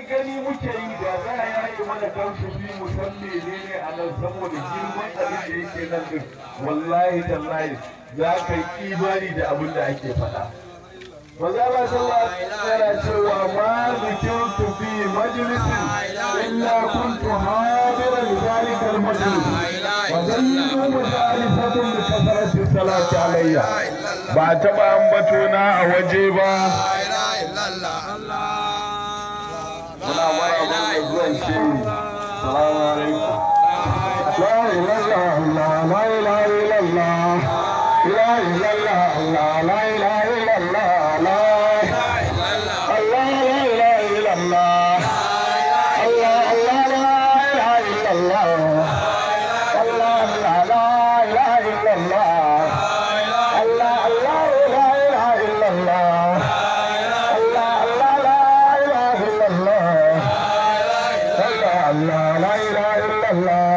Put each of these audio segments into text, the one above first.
wai gani muke yi da za a yi mana kansu fi musalli ne ne a nan saboda girman abin da yake nan din wallahi tallahi za ka yi imani da abin da ake faɗa maza ba sallah yana cewa ma zikirtu fi majalisin illa kuntu hadiran zalikal majlis wa zallu mutarifatun bi kasratis salati alayya ba taba ambato na a waje ba muna maraba da zuwan shehu salamu alaikum la ilaha illallah la ilaha illallah la ilaha illallah Allah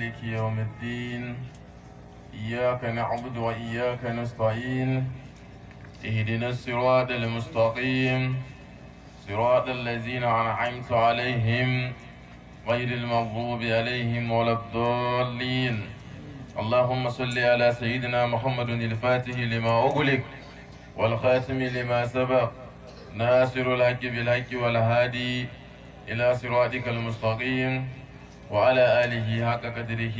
مالك يوم الدين إياك نعبد وإياك نستعين اهدنا الصراط المستقيم صراط الذين أنعمت عليهم غير المغضوب عليهم ولا الضالين اللهم صل على سيدنا محمد الفاتح لما أغلق والخاتم لما سبق ناصر الحق بالحق والهادي إلى صراطك المستقيم وعلى آله حق قدره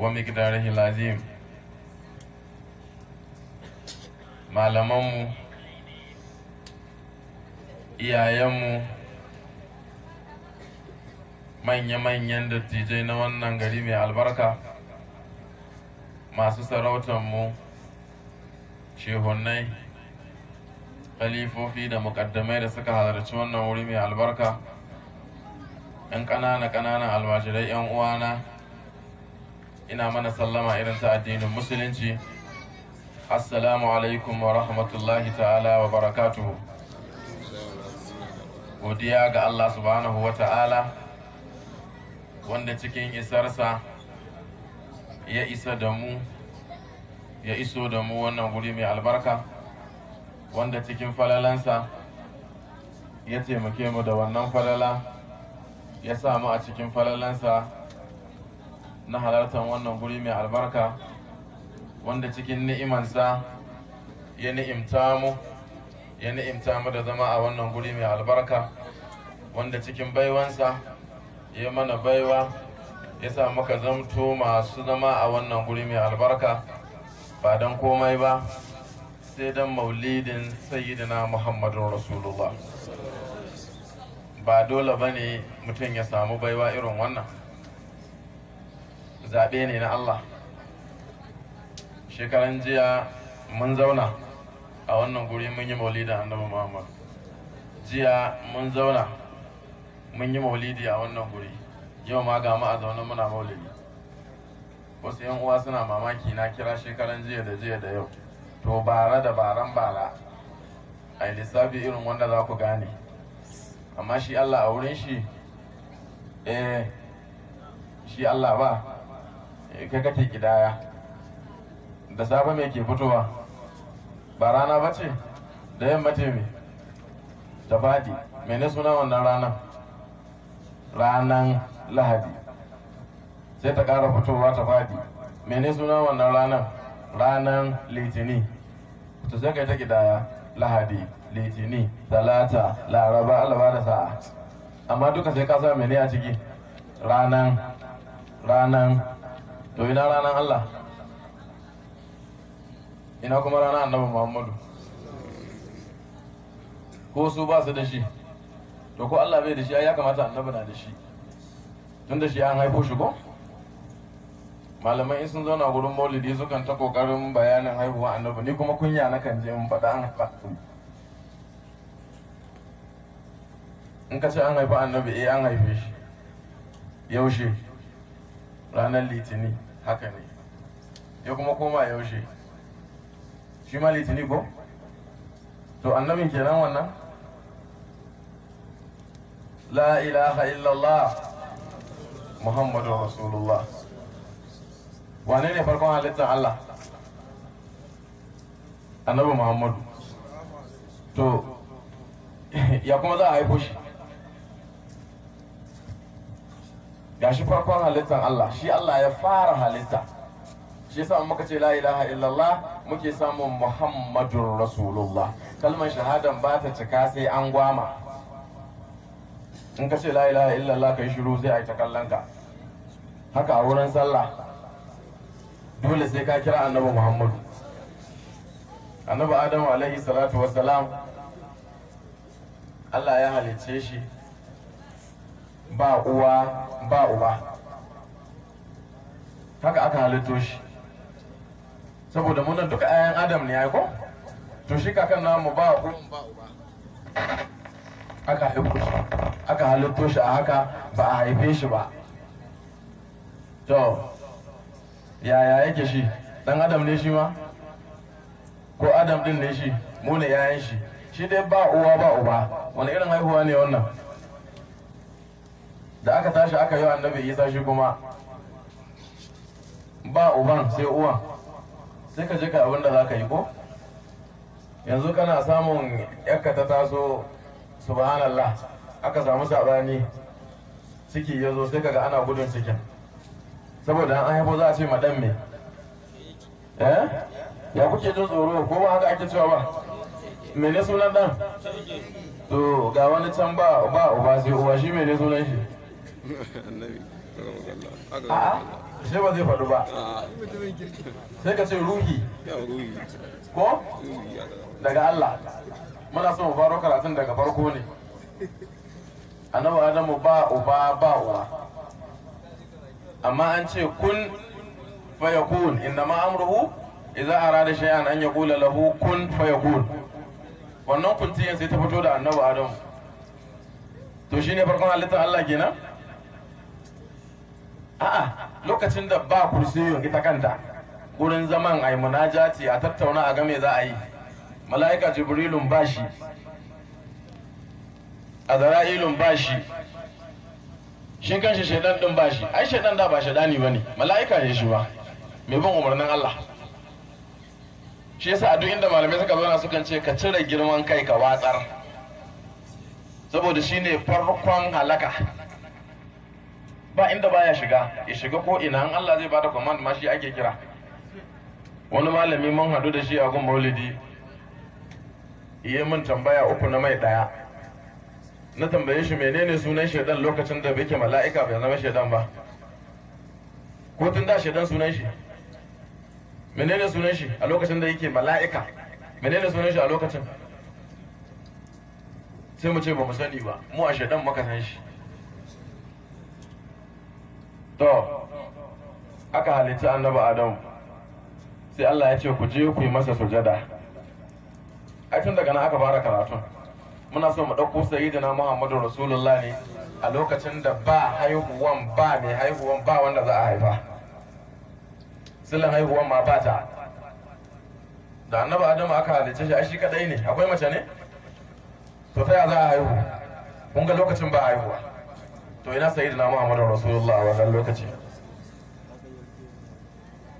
ومقداره العظيم malamanmu iyayenmu manya-manyan dattijai na wannan gari mai albarka masu sarautanmu shehunai khalifofi da mukaddamai da suka halarci wannan wuri mai albarka 'yan ƙanana ƙananan almajirai 'yan uwana ina mana sallama irin ta addinin musulunci assalamu alaikum wa rahmatullahi ta'ala wa barakatuhu godiya ga Allah subhanahu wa ta'ala wanda cikin isarsa ya isa da mu ya iso da mu wannan guri mai albarka wanda cikin falalansa ya taimake mu da wannan falala ya samu a cikin falalansa na halartar wannan guri mai albarka wanda cikin ni'imansa ya ni'imta mu ya ni'imta mu da zama a wannan guri mai albarka wanda cikin baiwansa ya mana baiwa ya sa muka zamto masu zama a wannan guri mai albarka ba don komai ba sai don maulidin sayyidina muhammadun rasulullah ba dole ba ne mutum ya samu baiwa irin wannan zaɓe ne na Allah shekaran jiya mun zauna a wannan guri mun yi maulidin annabi Muhammad jiya mun zauna mun yi maulidi a wannan guri yau ma ga a zaune muna maulidi wasu yan uwa suna mamaki na kira shekaran jiya da jiya da yau to bara da baran bara a lissafi irin wanda za ku gane amma shi Allah a wurin shi eh shi Allah ba eh, kai ta kidaya da safe mai ke fitowa ba rana ba ce da yamma ce mai ta fadi ne suna wannan ranar ranan lahadi sai ta ƙara fitowa ta fadi ne suna wannan ranar ranan litini to sai kai ta kidaya lahadi litini talata laraba alaba da sa'a amma duka sai ka sa ne a ciki ranan ranan to ina ranan Allah ina kuma ranan annabi Muhammadu ko su ba su da shi to ko Allah bai da shi ya kamata annabi na da shi tun da shi an haifo shi ko malamai in sun zauna gurin maulidi sukan ta kokarin bayanin haihuwa annabi ni kuma kunya na kan je mun faɗa an faɗa in ka ce an haifi annabi eh an haife shi yaushe ranar litini haka ne ya kuma koma yaushe shi ma litini ko to annabin kenan wannan la ilaha illallah muhammadu rasulullah wane ne farkon halittar allah annabi muhammadu to ya kuma za a haifo shi gashi farkon halittar Allah shi Allah ya fara halitta shi yasa muka ce la ilaha illallah muke samun muhammadun rasulullah kalmar shahadan ba ta cika sai an gwama in ka ce la ilaha illallah kai shiru sai a yi ta kallon ka haka a wurin sallah dole sai ka kira annabi muhammadu annabi adamu alaihi salatu wassalam Allah ya halicce shi ba uwa ba uba haka aka halitto shi saboda munan duka ayan adam ne ya ko to shi kakan namu ba uwa ba uba aka haifu shi aka halitto shi a haka ba a haife shi ba to yaya yake shi dan adam ne shi ma ko adam din ne shi mu ne 'ya'yan shi shi dai ba uwa ba uba wani irin haihuwa ne wannan da aka tashi aka yi annabi isa shi kuma ba uban sai uwan sai ka je ka abin da za ka yi ko yanzu kana samun yakka ta taso subhanallah aka samu sabani ciki ya zo sai kaga ana gudun cikin saboda an haifo za a ce madan me eh ya kuke jin tsoro ko ba haka ake cewa ba Me ne sunan dan to ga wani can ba ba uba sai uwa shi me ne sunan shi a'a shi ba zai faɗu ba sai ka ce ruhi ko daga Allah muna son mu faro karatun daga farko ne annabi adamu ba uba ba uwa amma an ce kun fayakun innama amruhu idza arada shay'an an yaqula lahu kun fayakun wannan kun kuntiyan sai ta fito da annabi adamu to shine farkon halittar Allah kenan a'a lokacin da ba kursiyin ita kanta wurin zaman yi munajati a tattauna a game za a yi mala'ika jibrilun bashi zara'ilun bashi shi kanshi shaidan din bashi ai shaidan da ba shaidani ne. mala'ika ne shi ba mai bin umarnin Allah shi yasa a duk inda malamai suka zauna sukan ce ka cire girman kai ka watsar saboda shine farkon halaka ba inda baya shiga ya shiga ko ina an Allah zai bada command ma shi ake kira wani malami mun hadu da shi a gun maulidi iya mun tambaya uku na mai daya na tambaye shi menene sunan shaidan lokacin da bai mala'ika bai zama shaidan ba ko tun da shaidan sunan shi menene sunan shi a lokacin da yake mala'ika menene sunan shi a lokacin sai mu ce ba mu sani ba mu a shaidan muka san shi to aka halitta annabi adamu sai Allah ya ce ku je ku yi masa sujada a tun daga nan aka fara karatun muna so mu ɗauko sayyidina Muhammadu Rasulullah ne a lokacin da ba haihuwan ba mai haihuwan ba wanda za a haifa sillan haihuwan ma ba ta da annabi Adamu aka halitta shi ai shi kadai ne akwai mace ne to ta ya za a haihu kun ga lokacin ba haihuwa to ina Sayyidina na muhammadu rasulullah a wannan lokaci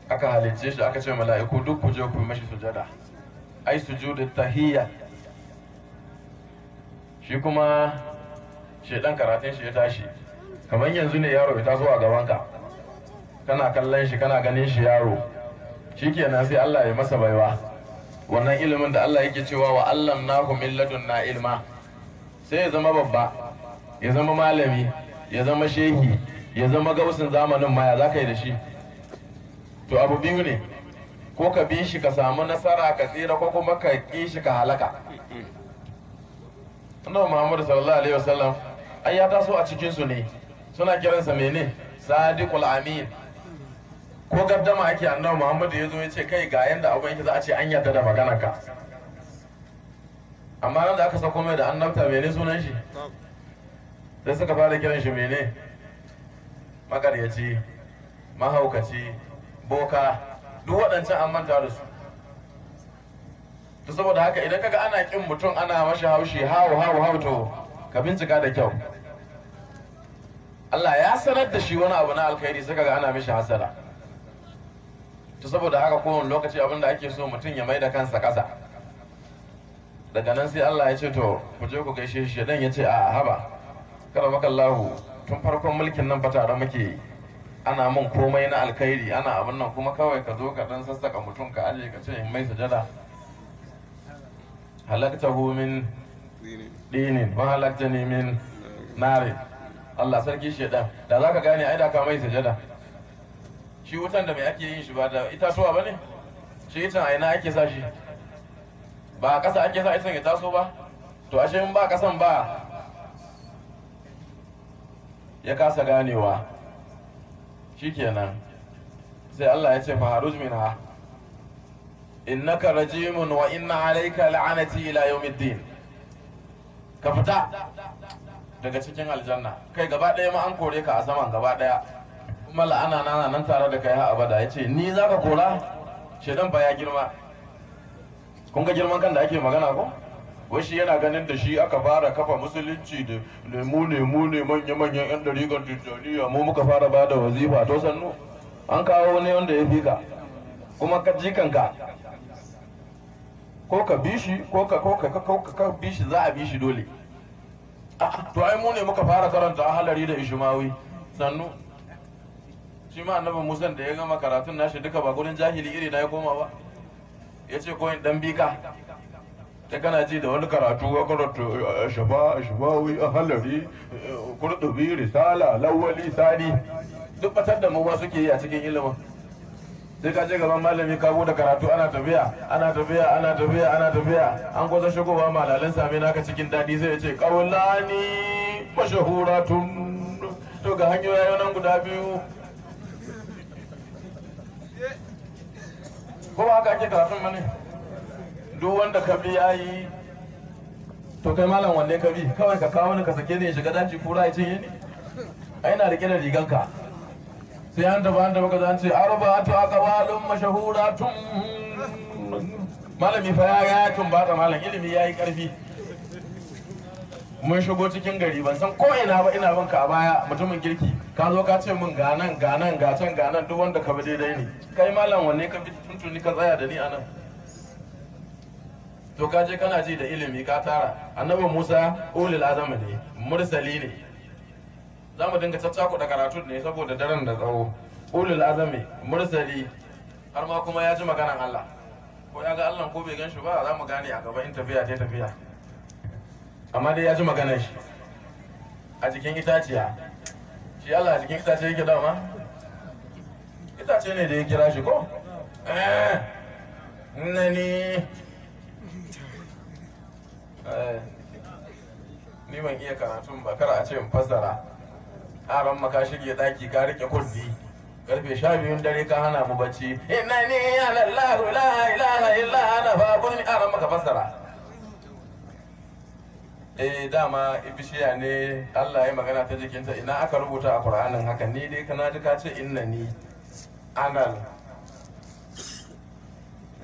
aka halicce shi aka ce mala'iku duk ku je ku mashi sujada ai sujudu tahiyya shi kuma shi dan karatun shi ya tashi kamar yanzu ne yaro ya taso a gabanka kana kallon shi kana ganin shi yaro Shi kenan sai Allah ya masa baiwa wannan ilimin da Allah yake cewa wa naku min na ilma sai ya zama babba ya zama malami ya zama shehi ya zama gausin zamanin maya za ka yi da shi to abu biyu ne ko ka bi shi ka samu nasara ka tsira ko kuma ka ƙi shi ka halaka annabi muhammadu sallallahu alaihi wasallam ai ya taso a cikin su ne suna kiransa mene sadiqul amin ko gaddama ake annabi muhammadu ya zo ya ce kai ga yanda abin yake za a ce an yarda da maganar ka amma nan da aka sako mai da annabta mene sunan shi sai suka fara kiran shi mene makaryaci mahaukaci boka duk waɗancan an manta da su to saboda haka idan kaga ana kin mutum ana mashi haushi hau hau hau to ka bincika da kyau Allah ya sanar da shi wani abu na alkhairi sai kaga ana mishi hasara to saboda haka kowane lokaci abin da ake so mutum ya mai da kansa ƙasa daga nan sai Allah ya ce to ku je ku gaishe shi dan ya ce a haba karamakallahu tun farkon mulkin nan ba tare muke ana mun komai na alkhairi ana abin nan kuma kawai ka zo ka dan sassaka mutum ka aje ka ce mai sajada. halakta hu min dinin wa ni min nari Allah sarki shedan da za ka gane ai da ka mai sajada. shi wutan da mai ake yin shi ba da itatuwa ba ne shi itan aina ake sa shi ba a ƙasa ake sa itan ya taso ba to ashe in ba ƙasan ba ya kasa ganewa shikenan sai Allah ya ce fa haruj minha innaka rajimun wa inna alayka la'anati ila yawmiddin ka fita daga cikin aljanna kai gaba ɗaya ma an kore ka a saman gaba ɗaya kuma la'ana na nan tare da kai har abada yace ni zaka ka kora shedan ba ya girma kun ga girman kan da ake magana ko wasu yana ganin da shi aka fara kafa musulunci da mu ne mu ne manya-manyan 'yan dariƙar tijjaniya mu muka fara ba da wazifa to sannu an kawo ne wanda ya fi ka kuma ka ji kanka ko ka bi shi ko ka ko ka ko ka bi shi za a bi shi dole ah, ah, to ai mu ne muka fara karanta ahalari da ishmawi sannu shi ma annabi musan da ya gama karatun nashi duka ba gurin jahili iri na ya koma ba ya ce ko in dan bi ka ta kana ji da wani karatu ya karatu eh, shafawi halari kurdubi eh, risala lawali sani duk batar da mu suke yi a cikin ilimin sai ka ce gaban malami ka da karatu ana tafiya ana tafiya ana tafiya ana tafiya an gwada shigowa malalin sami naka cikin daɗi zai ce kaulani mashahuratun to ga hanyoyi nan guda biyu ko ba haka ake karatun mani duk wanda ka bi yayi to kai malam wanne ka bi kawai ka kawo ni ka sake ni shiga daji kura ya cinye ni ai na rike da riganka sai an taba an da ka zan ce arba'atu aqwalun mashahuratun malami fa ya ga ba tumbata malam ilimi yayi karfi mun shigo cikin gari ban san ko ina ba ina banka a baya mutumin girki ka zo ka ce min ganan ganan gacen ganan duk wanda ka bi daidai ne kai malam wanne ka bi tuntuni ka tsaya da ni anan to ka je kana ji da ilimi ka tara annabi musa ulil azama ne mursali ne za mu dinga caccaku da karatu ne saboda daren da tsawo ulil azami mursali har ma kuma ya ji maganan allah ko ya ga allah ko bai gan shi ba za mu gane a gaba in tafiya ta tafiya amma dai ya ji maganar shi a jikin itaciya shi allah a jikin itace yake dama itace ne da ya kira shi ko eh nani Eh, ni ban iya karatun ba kar a ce in fassara aran maka shige daki ka rike kurdi karfe sha biyun dare ka hana mu bacci inna ni ya lallahu la ilaha illa ana babun aran maka fassara eh dama ibishiya ne Allah ya magana ta jikinta ina aka rubuta a Qur'anin haka ni dai kana ji ka ce inna ni anal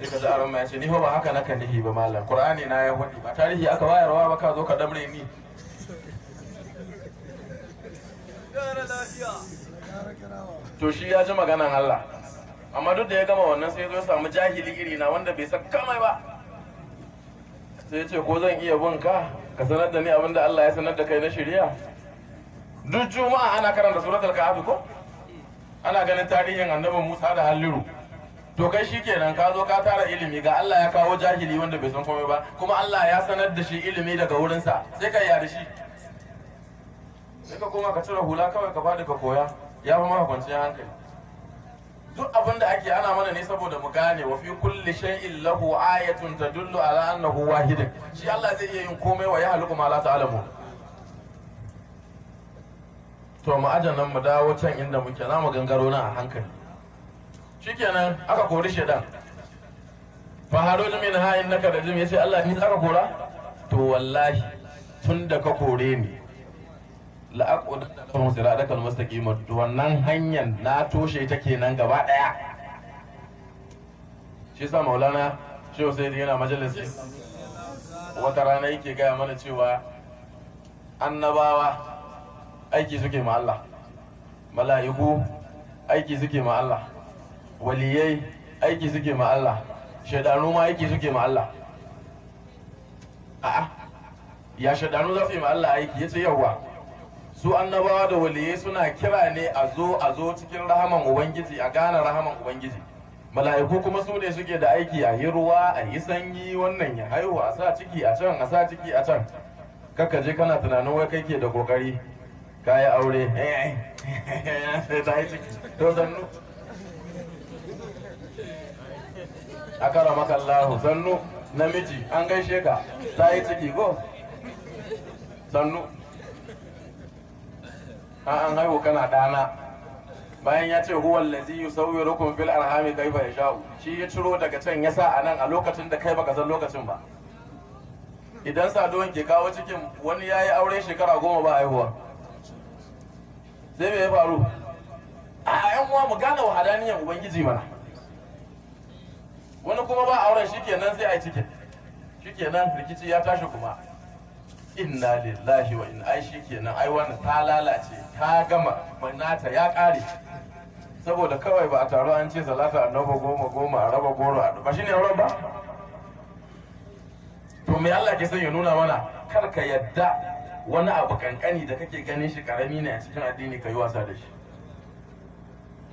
sai ka ji aron ma ce ni ba haka naka nihi ba malam qur'ani na ya hudi ba tarihi aka wa ba ka zo ka damre ni to shi ya ji maganan Allah amma duk da ya gama wannan sai zo samu jahili iri na wanda bai san kamai ba sai ce ko zan iya bin ka ka sanar da ni abin da Allah ya sanar da kai na shirya duk juma'a ana karanta suratul kahfi ko ana ganin tarihin annabin Musa da Halliru to kai shi kenan ka zo ka tara ilimi ga Allah ya kawo jahili wanda bai san komai ba kuma Allah ya sanar da shi ilimi daga wurinsa sai ka yare shi sai ka koma ka cire hula kawai ka bada ka koya ya fi maka kwanciyar hankali duk abin da ake ana mana ne saboda mu gane wa fi kulli shay'in lahu ayatun tadullu ala annahu wahid shi Allah zai iya yin komai wa ya haluku ma la ta'lamu to mu ajanan mu dawo can inda muke zamu gangaro na a hankali shikenan aka kori shaidan fa haruj min ha innaka rajim yace Allah ni aka kora to wallahi tun da ka kore ni la aquda da siratal mustaqim wannan hanyar na toshe ta kenan gaba daya shi sa maulana shehu sai yana majalisi wata rana yake gaya mana cewa annabawa aiki suke ma Allah mala'iku aiki suke ma Allah waliyai aiki suke ma Allah shaidanu ma aiki suke ma Allah a'a ya shaidanu za su yi ma Allah aiki yace yawa su annabawa da waliyai suna kira ne a zo a zo cikin rahaman ubangiji a gane rahaman ubangiji mala'iku kuma su ne suke da aiki a yi ruwa a yi sanyi wannan ya haihu a sa ciki a can a sa ciki a can kaka je kana tunanin wai kai ke da kokari ka yi aure eh, eh, sai ta yi ciki to sannu akara makallahu sannu namiji an gaishe ka ta yi ciki ko sannu an haihu kana dana bayan ya ce huwan lazi yi sauyi rukun fil arhami kai fa ya sha'u shi ya ciro daga can ya sa a nan a lokacin da kai baka san lokacin ba idan saduwan ke kawo cikin wani ya yi aure shekara goma ba haihuwa sai me ya faru a yan uwa mu gane wahadaniyar ubangiji mana kuma ba auren shikenan sai a yi cikin shikenan rikici ya tashi kuma inna lillahi wa inna ai shikenan ai wani ta lalace ta gama manata ya kare saboda kawai ba a taro an ce salata a raba goma goma a raba goro a ba ne auren ba to me Allah ke son ya nuna mana kar ka yadda wani abu kankani da kake ganin shi karami ne a cikin addini ka yi wasa da shi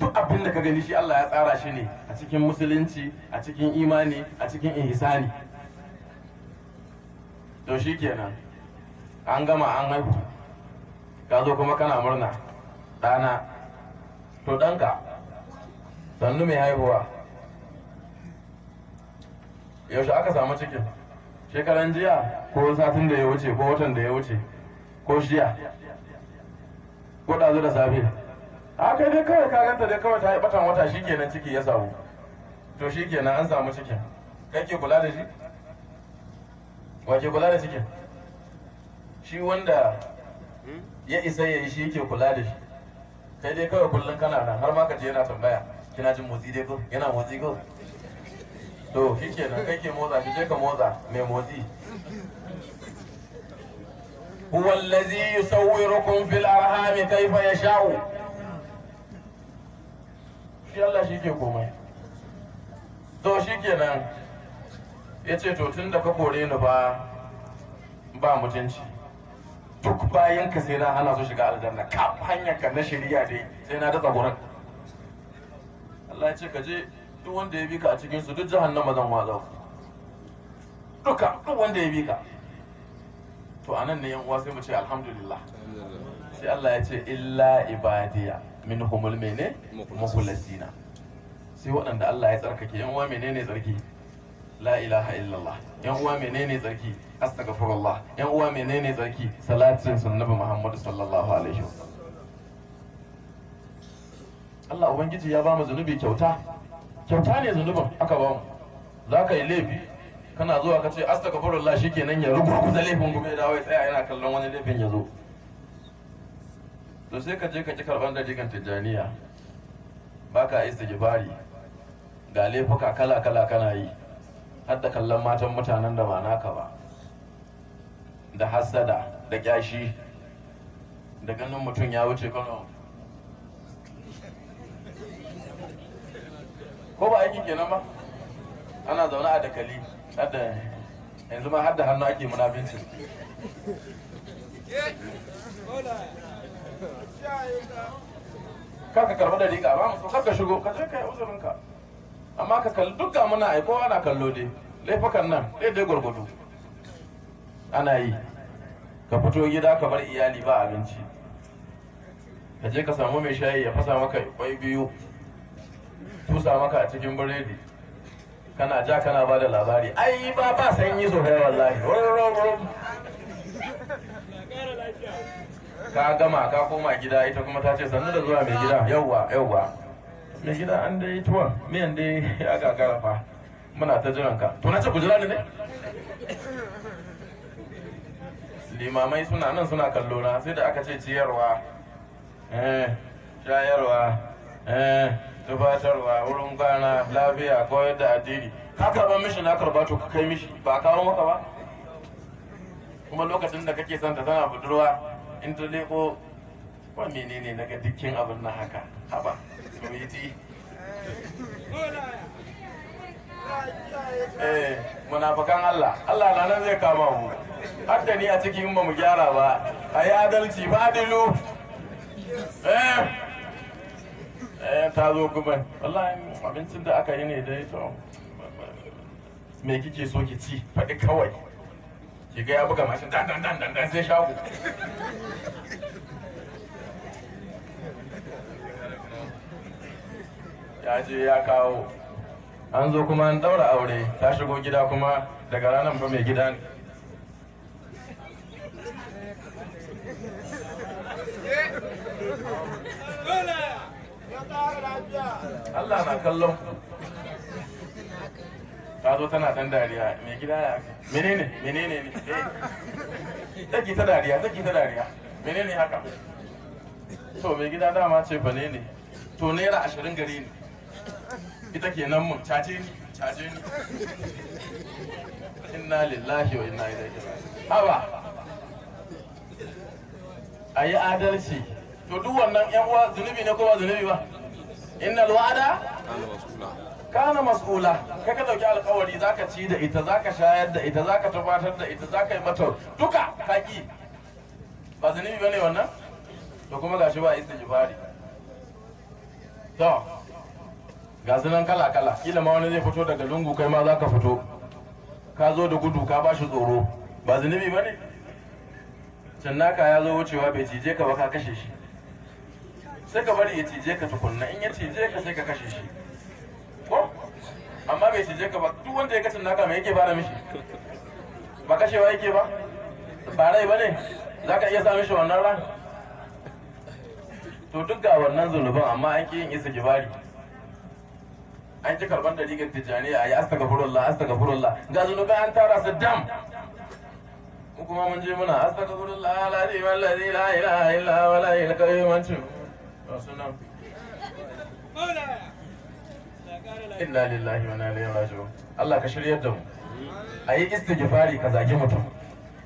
duk abin da ka gani shi Allah ya tsara shi ne a cikin musulunci a cikin imani a cikin ihsani to shi kenan an gama an haihu ka zo kuma kana murna ɗana to ɗanka sannu mai haihuwa yaushe aka samu cikin shekaran jiya ko satin da ya wuce ko watan da ya wuce ko shiya ko ɗazu da safe a kai dai kawai ka ganta dai kawai ta yi batan wata shikenan ciki ya samu to shikenan an samu cikin kai ke kula da shi wa ke kula da cikin shi wanda ya isa ya yi shi ke kula da shi kai dai kawai kullum kana nan har ma ka je yana tambaya kina jin motsi dai ko yana motsi ko to shikenan kai ke motsa ki je ka motsa mai motsi هو الذي يصوركم في الأرحام كيف يشاء shi Allah shi ke komai to shi kenan ya ce to tun da ka kore ni ba ba mutunci duk bayan ka sai na hana su shiga aljanna ka hanyar ka na shirya dai sai na datsa gurin Allah ya ce ka je duk wanda ya bi ka a cikin su duk jahannama zan wazau duka duk wanda ya bi ka to anan ne yan uwa sai mu ce alhamdulillah sai Allah ya ce illa ibadiya min humul mene mukhlasina sai waɗanda Allah ya tsarkake yan uwa menene tsarki la ilaha illallah yan uwa menene tsarki astaghfirullah yan uwa menene tsarki salatin sunnabi Muhammadu sallallahu alaihi wasallam Allah ubangiji ya ba mu zunubi kyauta kyauta ne zunubin aka ba mu za ka yi laifi kana zuwa ka ce astaghfirullah shikenan ya rubuta laifin kuma ya dawo ya tsaya yana kallon wani laifin ya zo to sai ka je ka ki karban dariƙan tijjaniya ba ka istighfari ga laifuka kala kala kana yi har da kallon matan mutanen da ba naka ba da hassada da kyashi da ganin mutum ya wuce kano ko ba aiki kenan ba ana zaune a dakali da yanzu ma har da hannu ake munafincin kar ka karɓi dariƙa ba musu kar ka shigo ka je ka yi uzurinka amma ka kalli duk muna ai kowa na kallo dai laifukan nan dai dai gwargwado ana yi ka fito gida ka bar iyali ba abinci ka je ka samu mai shayi ya fasa maka kwai biyu tusa maka a cikin biredi kana ja kana ba da labari ai ba ba sanyi sosai wallahi ka gama ka koma gida ita kuma ta ce sannu da zuwa mai gida yauwa yauwa mai gida an dai tuwa miyan dai ya gagara fa muna ta jiran ka to na ce ku jira ni ne limamai suna nan suna kallo na sai da aka ce ciyarwa eh shayarwa eh tufatarwa wurin kwana lafiya koyar da addini ka karɓar mishi na karɓa to ka kai mishi ba kawo maka ba kuma lokacin da kake son ta tana budurwa in ta ko ba menene na ga dukkan abin na haka haba tumiti eh Munafakan Allah Allah na nan zai kama mu hadda ni a cikin ba mu gyara ba a yi adalci ba dilu. eh eh ta zo kuma wallahi abincin da aka yi ne dai to me kike so ki ci faɗi kawai ki ga ya buga mashin dan dan dan dan sai shago ya je ya kawo an zo kuma an daura aure ta shigo gida kuma daga ranar ba mai gida ne Allah na kallon ta zo tana dan dariya mai gida ya menene menene ne take eh. ta dariya take ta dariya menene haka to mai gida dama ce bane ne to naira ashirin gare ni ita ke nan mun caje ni caje ni inna lillahi wa inna ilaihi haba a yi adalci to duk wannan yan uwa zunubi ne ko ba zunubi ba innal wa'ada al-wasula kana mas'ula kai ka dauki alkawari zaka ci da ita zaka shayar da ita zaka tabbatar da ita zaka yi mata duka kaki ba zunubi bane wannan to kuma gashi ba isa istighfari to ga zunan kala kala kila ma wani zai fito daga lungu kai ma zaka fito ka zo da gudu ka bashi tsoro ba zunubi bane naka ya zo wucewa bai cije ka ba ka kashe shi sai ka bari ya cije ka tukunna in ya cije ka sai ka kashe shi amma bai cije ka ba duk wanda ya kashin naka mai yake fara mishi ba kashewa yake ba ba rai ba ne za ka iya sa mishi wannan ran to duk ga wannan zulubin amma an ki yin isa gibari an ci karban da rigar tijani a yi astagfirullah astagfirullah ga zunubai an tara su dam mu kuma mun je muna astagfirullah alazim allazi la ilaha illa huwa al-hayyul qayyum an ci wasu nan illa lillahi wa ilaihi raji'un Allah ka shiryar da mu a yi istighfari ka zagi mutum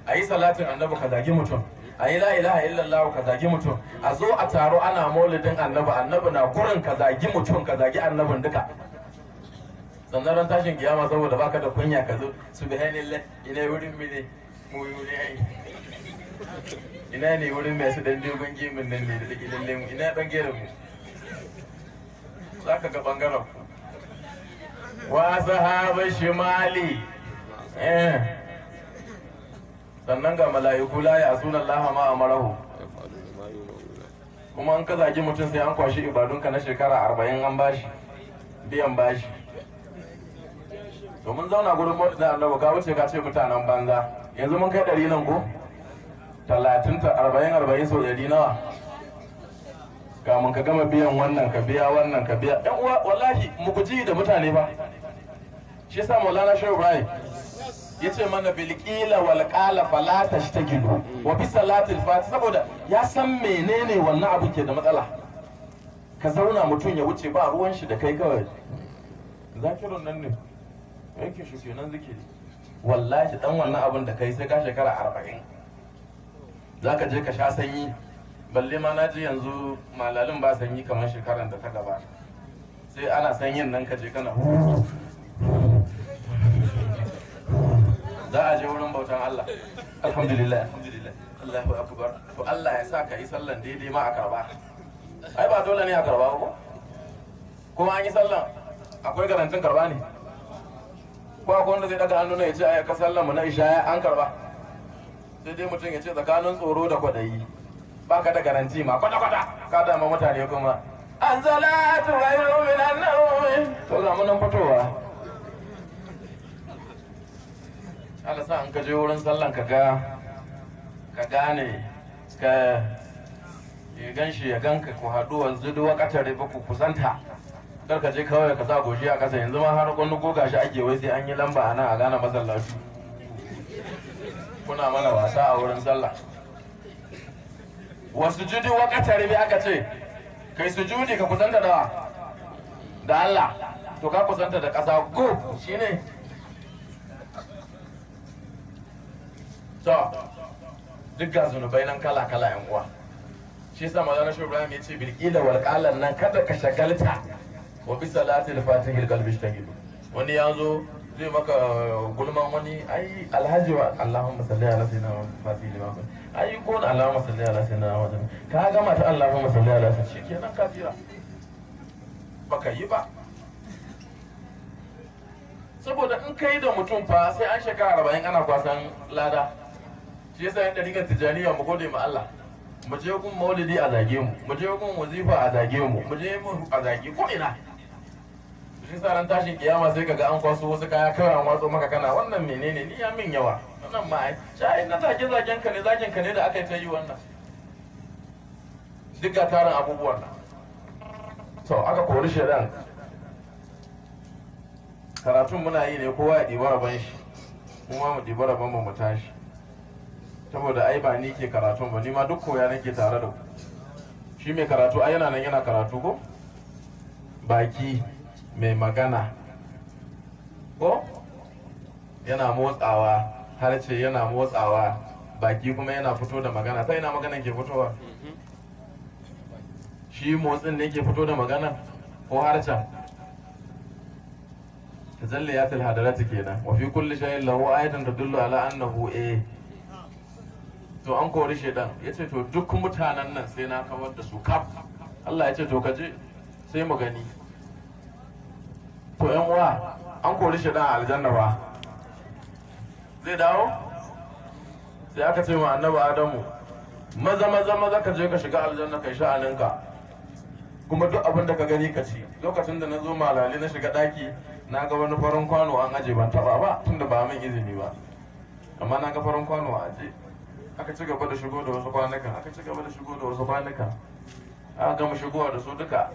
a yi salatin annabi ka zagi mutum a yi la ilaha illallah ka zagi mutum a zo a taro ana maulidin annabi annabi na gurin ka zagi mutum ka zagi annabin duka sannan ran tashin kiyama saboda baka da kunya ka zo subhanallah ina wurin mu ne mu ne ina ne wurin mai su dan dogon gimin nan ne da lalle mu ina bangaren mu zaka ga bangaren wa sahaba shimali eh. sannan ga mala'iku la ya sunan "Lahama a marahu kuma an ka zagi mutum sai an kwashi ibadunka na shekara arba'in an bashi biyan bashi to mun zauna gurin da annabu ka wuce ka ce mutanen banza yanzu mun kai ɗari nan ko talatin arba'in arba'in sau ɗari nawa kamun ka gama biyan wannan ka biya wannan ka biya yan uwa wallahi mu guji da mutane ba shi yasa maulana shehu ibrahim ce mana bilqila wal qala fala tashtagilu wa bi salatil fati saboda ya san menene wannan abu ke da matsala ka zauna mutum ya wuce ba ruwan shi da kai kawai zakirun nan ne yake shi kenan zikiri wallahi dan wannan abin da kai sai ka shekara 40 zaka je ka sha sanyi balle ma na ji yanzu malalin ba sanyi kamar shekaran da ta gabata sai ana sanyin nan kaje kana za a je wurin bautan Allah alhamdulillah alhamdulillah Allahu akbar to Allah ya sa ka yi sallan daidai ma a karba ai ba dole ne a karba ko kuma an yi sallan akwai garantin karba ne ko akwai wanda zai daga hannu na ya ce ai ka sallan mu na isha an karba sai dai mutum ya ce tsakanin tsoro da kwadayi ba ka da garanti ma kwata-kwata ka dama mutane kuma an zala tuwayi ruminan nauyi to ga munan fitowa Allah sa an ka je wurin sallan ka ga ka gane ka ya gan shi ya ganka ku haɗu wanzu duk wakatare ba ku kusanta kar ka je kawai ka sa goshi a ƙasa yanzu ma har gwanu ko gashi ake wai sai an yi lamba a nan a gane masallaci kuna mana wasa a wurin sallah wa sujudi wa qatari aka ce kai sujudi ka kusanta da da Allah to ka kusanta da kasa go shine to duk ga zunubai nan kala kala yan uwa shi yasa magana shi Ibrahim ya bil bilqila wal qalan nan kada ka shagalta wa bi salatil fatihil qalbi ishtagilu wani ya zo zai maka eh, gulman wani ai alhaji wa Allahumma salli ala sayyidina Muhammad fatihil ai ko da alama salli ala sai na wajen ka gama ta alama salli ala sai shi kenan ka tsira baka yi ba saboda in kai da mutum fa sai an shekara arba'in ana kwasan lada shi yasa yan ɗarikan tijjaniya mu gode ma Allah mu je gun maulidi a zage mu mu je gun wazifa a zage mu mu je mu a zage ko ina shi sa ran tashin kiyama sai kaga an kwaso wasu kaya kawai an watso maka kana wannan menene ni ya min yawa wannan ma ai shayi na take zagen ka ne zagen ka ne da aka yi ta yi wannan duk ga tarin abubuwan nan to aka kori shaidan karatun muna yi ne kowa ya ɗiba rabon shi kuma mu ɗiba rabon mu tashi saboda ai ba ni ke karatun ba ni ma duk koya nake tare da ku shi mai karatu ai yana nan yana karatu ko baki mai magana ko yana motsawa ce yana motsawa baki kuma yana fito da magana ta yana magana ke fitowa shi motsin ne ke fito da magana ko ya harcen تجليات الهدرات wafi kulli shayin شيء له آية تدل على أنه إيه to an kori shaidan ya ce to duk mutanen nan sai na kawar da su kaf Allah ya ce to kaje sai mu gani to yan uwa an kori shi da aljanna ba zai dawo sai aka ce ma annabi adamu maza maza maza ka je ka shiga aljanna kai sha'aninka kuma duk abin da ka gani ka ci lokacin da na zo malali na shiga daki na ga wani farin kwano an aje ban taba ba tunda ba min izini ba amma na ga farin kwano a aje aka ci gaba da shigo da wasu kwanukan aka ci gaba da shigo da wasu kwanukan aka gama shigowa da su duka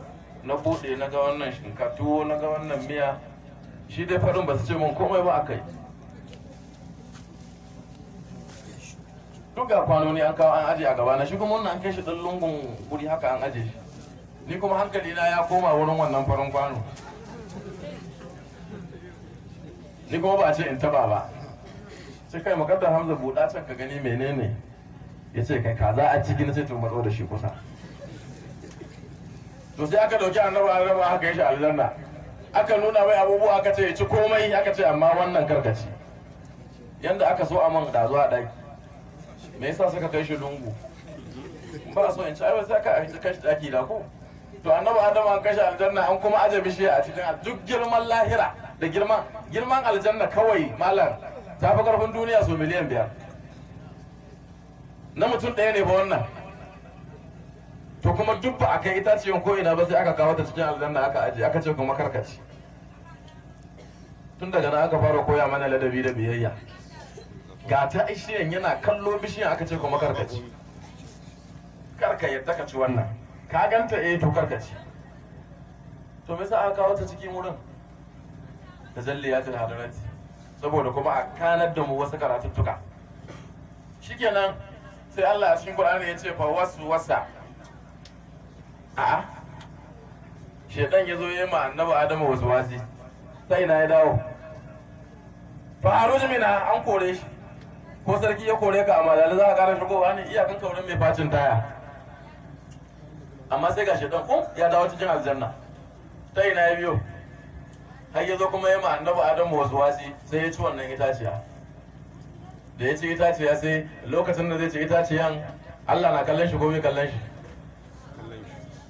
na bude na ga wannan tuwo na ga wannan miya shi dai farin ba su ce mun komai ba aka yi. duk ga ne an kawo an aje a gaba na shi kuma wannan an kai shi ɗan lungun guri haka an aje shi ni kuma hankali na ya koma wurin wannan farin kwano ni kuma ba a ce in taba ba sai kai makadar hamza buɗa can ka gani menene ya ce kai kaza a ciki na sai to matso da shi kusa to sai aka dauki annabi raba aka yi shi aljanna aka nuna mai abubuwa aka ce ci komai aka ce amma wannan karkaci yanda aka so a man da zuwa daki me yasa suka kai shi lungu ba so in ci ai sai aka kai shi daki da ko to annabi adam an kashi aljanna an kuma aje shi a cikin duk girman lahira da girman girman aljanna kawai malam ta fi karfin duniya so miliyan biyar na mutum ɗaya ne ba wannan to kuma duk ba a kai itaciyon ko ina ba sai aka kawo ta cikin aljanna aka aje aka ce kuma karkace tun daga nan aka fara koya mana ladabi da biyayya ga ta ishiyan yana kallo bishiyan aka ce kuma karkace karka yadda ka ci wannan ka ganta eh to karkace to me sa aka kawo ta cikin wurin da hadarati saboda kuma a kanar da mu wasu karatuttuka shikenan sai Allah a cikin Qur'ani ya ce fa wasu wasa a'a shaitan ya zo ya ma annabi adamu wasu wasi ta ina ya dawo fa haruj mina an kore shi ko sarki ya kore ka amma da za ka kara wani iya kan kaurin mai facin taya amma sai ga shaitan ko ya dawo cikin aljanna ta ina ya biyo har ya zo kuma ya ma annabi adamu wasu wasi sai ya ci wannan itaciya da ya ci itaciya sai lokacin da zai ci itaciyan Allah na kallon shi ko bai kallon shi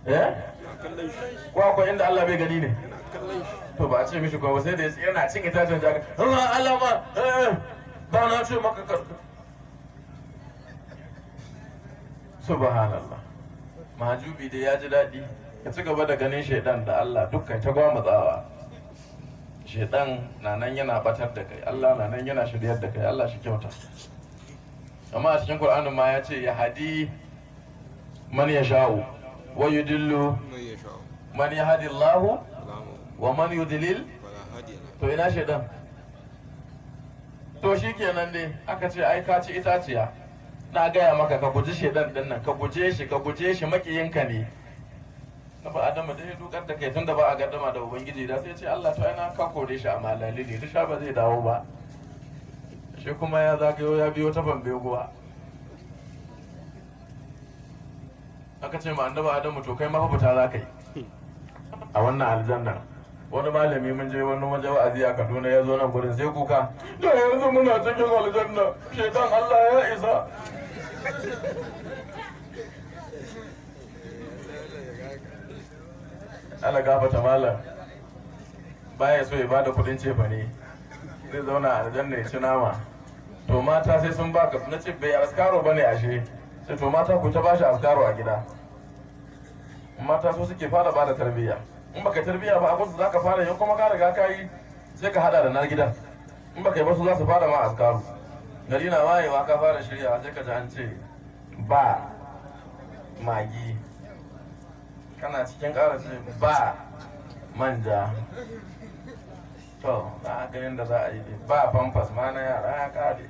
Eh? ko akwai inda Allah bai gani ne to ba a ce mishi kuma sai da yana cin itacen jaka Allah Allah ma eh, ba na ce maka karka subhanallah majubi da ya ji daɗi ka ci gaba da ganin shaidan da Allah dukkan ta gwamutsawa shaidan na nan yana batar da kai Allah na nan yana shiryar da kai Allah shi kyauta amma a cikin Qur'anin ma ya ce ya hadi man ya sha'u ويدل من يهدي الله ومن يدلل to ina shedan to shi kenan ne. aka ce ai ka ci itaciya na gaya maka ka guji shedan din nan ka guje shi ka guje shi makiyinka ne na ba adam da ya dukar da kai tun ba a gaddama da ubangiji da sai ce Allah to ina ka kore shi a malali ne duk ba zai dawo ba shi kuma ya zagayo ya biyo ta bambe guwa aka ce ma annabi adamu to kai ma za ka yi a wannan aljanna wani malami mun je wani waje wa'azi a Kaduna ya zo nan gurin sai kuka da yanzu muna cikin aljanna shedan Allah ya isa ana gafata malam baya so ya bada kudin cefa ne zai zauna a aljanna ya ci nama to mata sai sun baka na ce bai askaro ne ashe ce eh, to mata ku ta shi azkaro a gida mata su suke fara ba da tarbiyya in baka tarbiyya ba abin za ka fara yau kuma ka riga ka yi sai ka hada da na gidan in baka yi ba su za su fara ma azkaru gari na wayewa ka fara shirya a ka ji an ce ba magi kana cikin ƙara ce ba manja to na ganin da za a yi ba famfas ma na yara ya kare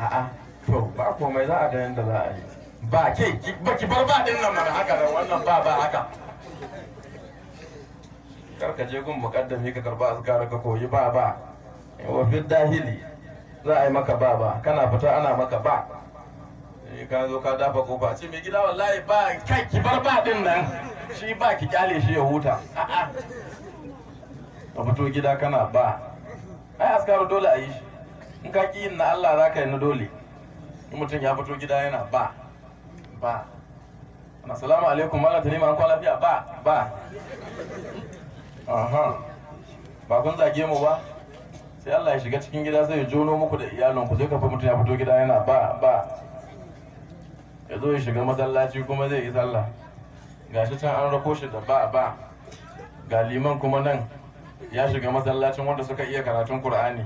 a'a to ba komai za a ga yadda za a yi ba ke ba ki bar ba din nan mana haka da wannan ba ba haka kar ka je gun mukaddami ka karba azkar ka koyi ba ba wa fi dahili za a yi maka ba ba kana fita ana maka ba eh, ka zo ka dafa kofa ce mai gida wallahi ba kai ki bar ba din nan shi ba ki kyale shi ya huta a'a ka fito gida kana ba ai askaru dole a yi shi in ka ƙi na Allah za ka yi na dole in mutum ya fito gida yana ba ba na salamu alaikum malam tanima an kwana lafiya ba ba aha ba kun zage mu ba sai Allah ya shiga cikin gida sai ya jono muku da iyalanku sai ka fa mutum ya fito gida yana ba ba ya zo ya shiga masallaci kuma zai yi sallah ga shi can an rako shi da ba ba ga liman kuma nan ya shiga masallacin wanda suka iya karatun Kur'ani.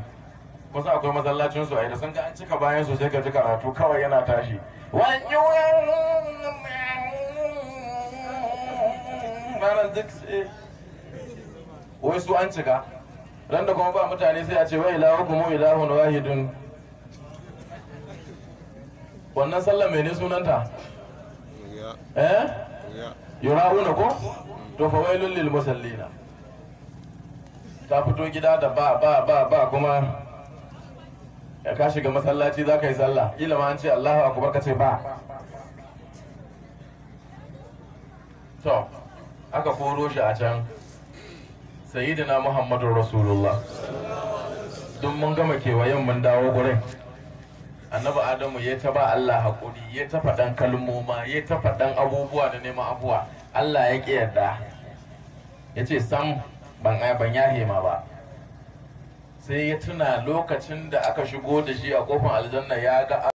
kusa akwai masallacin su a yadda sun ga an cika bayan su sai ka ji karatu kawai yana tashi wai su an cika ran da kuma ba mutane sai a ce wai ilahu kuma na wahidun wannan sallar mai ne sunanta eh una ko to fa wailul lil musallina ta fito gida da ba ba ba ba kuma ya ka shiga masallaci za ka yi sallah kila ma an ce allahu akubar ka ce ba to aka koro shi a can sayyidina Muhammadu rasulullah don mun gama kewayen mun dawo gurin annabi adamu ya ta allah haƙuri ya ta faɗan kalmoma ya ta faɗan abubuwa da neman abuwa allah ya ƙi yarda ya ce sam ban ya ma ba sai ya tuna lokacin da aka shigo da shi a kofin aljanna ya ga